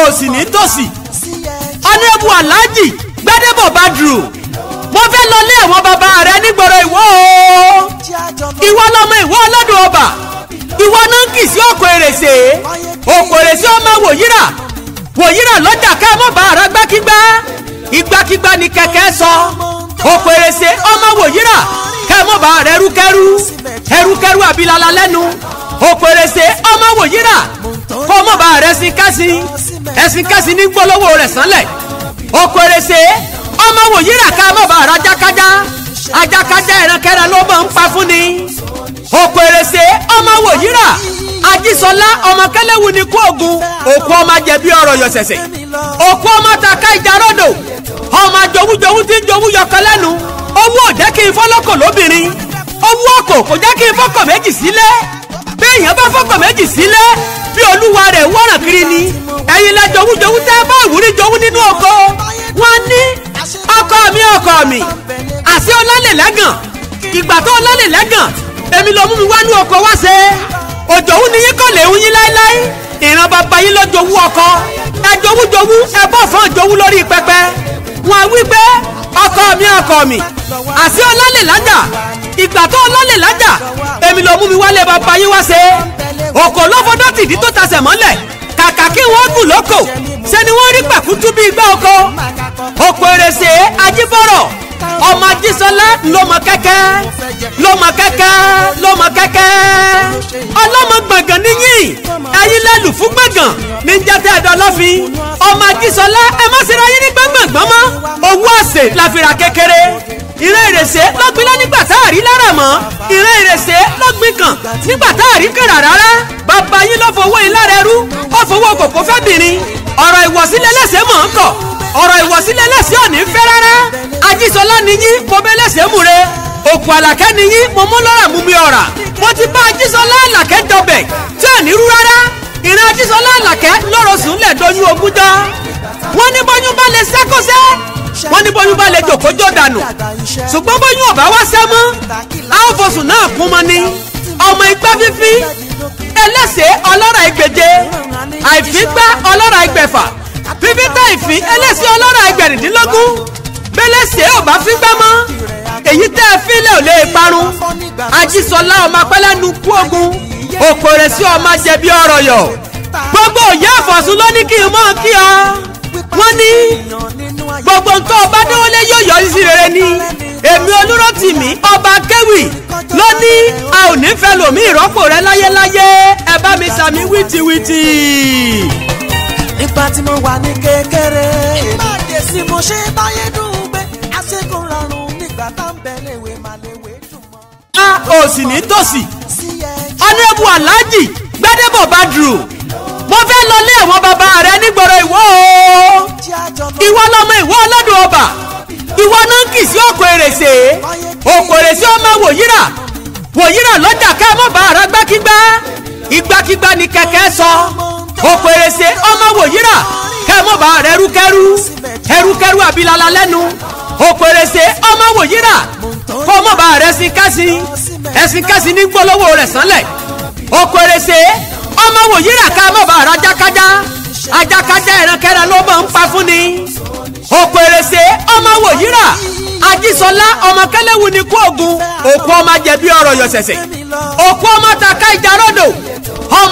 òsì ní tòsí ọ̀nẹ́bù aláàjì gbádébọ̀ badru mo fẹ́ lọ lé àwọn bàbá rẹ nígboro ìwọ o ìwọ lọmọ ìwọ ọlọ́dún ọba ìwọ náà kì sí òkò èrèsè òkò èrèsè ọmọ wòyíra wòyíra lọ́jà ká mọ̀ bá ara gbákígbá ìgbàkígbà ni kẹ̀kẹ́ sọ òkò èrèsè ọmọ wòyíra ká mọ̀ bá ara ẹrúkẹ́rú ẹrúkẹ́rú àbílala lẹ́nu òkò èrèsè ọmọ wòyíra kọ́ mọ̀ bá ara ẹsìn kásìn ẹ̀sìn kẹsìn ní gbólówó rẹ̀ sánlẹ̀ oko erese ọmọ wòye rà ká má bàa rajákájá ajákájá ìrankẹ́ra ló máa ń pa fún ni oko erese ọmọ wòye rà ajísọlá ọmọ kẹlẹ́wù ní kú ògùn òkú ọmọ jẹ̀bi ọ̀rọ̀ yọ̀sẹ̀sẹ̀ òkú ọmọ tàka ìjàrọ̀dọ̀ ọmọ jowújowú tí ń jowú yọkọ lẹ́nu owó òjẹ́ kí n fọ́lọ́kọ̀ lóbìnrin owó ọkọ̀ kò jẹ́ kí n fọ́kọ̀ méjì sílẹ̀ bí èèyàn bá fọ́kọ̀ méjì sílẹ̀ bí olúwa rẹ̀ wọ́ràn kiri jowújowú tẹ́ bá ìwúrí jowú nínú oko wọ́n ní ọkọ mi ọkọ mi àti ọlálẹ̀ lẹ́gàn ìgbà tó ọlálẹ̀ lẹ́gàn èmi ló mú mi wá ní oko wá ṣe òjòwú ni yín kò lè wú yín láéláé ìran bàbá yín ló jowú ọkọ ẹ jowú jowú ẹ bọ́ fún jowú lórí pẹpẹ wọ́n wí pé ọkọ mi ọkọ mi àti ọlálẹ̀ lájà ìgbà tó ọlálẹ̀ lájà èmi ló mú mi wálé bàbá yín wá ṣe òkò lọ́fọdọ́ tìdí tó tasẹ̀ mọ́lẹ̀ kàkà kí wọ́n gùn lóko ṣe ni wọ́n rí pàkútú bíi gbá oko òpò èrèsè ajíbọ̀rọ̀ ọmọ ajísọlá lọmọ kẹkẹ lọmọ kẹkẹ lọmọ kẹkẹ ọlọmọ gbọ̀ngàn níyìn ẹ̀yin lẹ́lù fún gbọ̀ngàn ní jẹ́tẹ́ ẹ̀dọ́ lọ́fin ọmọ ajísọlá ẹ má ṣe ra yín ní gbọ̀ngbọ̀ngbọ̀n mọ́ owó ọ̀sẹ̀ la fi ra kékeré ìré ìrèsè ló gbilẹ̀ nígbà tá a rí lára mọ́ ìré ìrèsè ló gbin kàn nígbà tá a rí kàrà rárá bàbá yín ló fowó yín lára ẹrú arábìnrin ọ̀rọ̀ ìwọ̀sílẹ̀ lẹ́sẹ̀ mọ̀ ń kọ̀ ọ̀rọ̀ ìwọ̀sílẹ̀ lẹ́sẹ̀ ò ní fẹ́ rárá ajísọlá ni yín mo bẹ lẹ́sẹ̀ mú re òkú àlàkẹ́ ni yín mo mú lọ́rà mú mi ọ̀rà mo ti bá ajísọlá àlàkẹ́ dọbẹ̀ tí ò ní rú rárá ìran ajísọlá àlàkẹ́ lọ́rọ̀ sùn lẹ̀ doyún ogún jọ wọ́n ní bóyún bá lè sẹ́kọ̀sẹ́ wọ́n ní bóyún bá lè jòkójó dànù ṣùgbọ́n bóyún ọ̀bá wá sẹ́ mọ́ a ó fosùn náà kún mọ́ ni ọmọ igbá fífi ẹlẹ́sẹ̀ ọlọ́rà ìgbèje ìfín ẹlẹ́sìn ọlọ́rọ̀ ẹgbẹ̀rìndínlógún bẹ́lẹ́sì ò bá fi gbámọ́ èyí tẹ́ ẹ fílẹ̀ ò lè parun ajísọlá ọmọ apẹ́lẹ́nu kú ogun òkòrè sí ọmọ jẹ̀bi ọ̀rọ̀ yọ̀ gbogbo òye àfọ̀sùn ló ní kí n mọ̀ kí ọ wọ́n ní gbogbo nǹkan ọba déwọlé yóò yọrí sí rere ni èmi olúrótìmí ọba kéwì ló ní a ò ní fẹ́ lòmí ìrọ́pò rẹ láyéláyé ẹ bá mi sàmí wìtìwìtì ìgbà tí mo wà ní kékeré. ìbáde sí mo ṣe báyé dùn gbé àṣekùn rọrùn nígbà tá ń bẹ léwe má léwe dùn mọ́. a ò sì ní tòsí ọ̀nẹ́bù aláàjì gbádébọ̀ bá dùn mo fẹ́ lọ lé àwọn bàbá rẹ nígboro ìwọ o ìwọ lọmọ ìwọ ọlọ́dún ọba ìwọ náà kì í sí òkò èrèsè òkò èrèsè ọmọ wòyíra wòyíra lọ́jà ká mọ̀ bá ara gbákígbá ìgbàkígbà ni kẹ̀kẹ́ sọ. So òpèrèsè ọmọ wòyíra kẹmọba rẹrúkẹrú ẹrúkẹrú abilala lẹ́nu òpèrèsè ọmọ wòyíra kọmọba rẹsinkẹsi ẹsinkẹsi ní gbólówó rẹ̀ sánlẹ̀ òpèrèsè ọmọ wòyíra kẹmọba rajakada ajakada ẹrankẹran ló máa ń pa fún ni òpèrèsè ọmọ wòyíra ajísọlá ọmọ kẹlẹ́wù ní kú ògùn òkú ọmọ jẹ̀bi ọ̀rọ̀ yọ̀sẹ̀sẹ̀ òkú ọmọ ta ká ìjà ròdò ọmọ.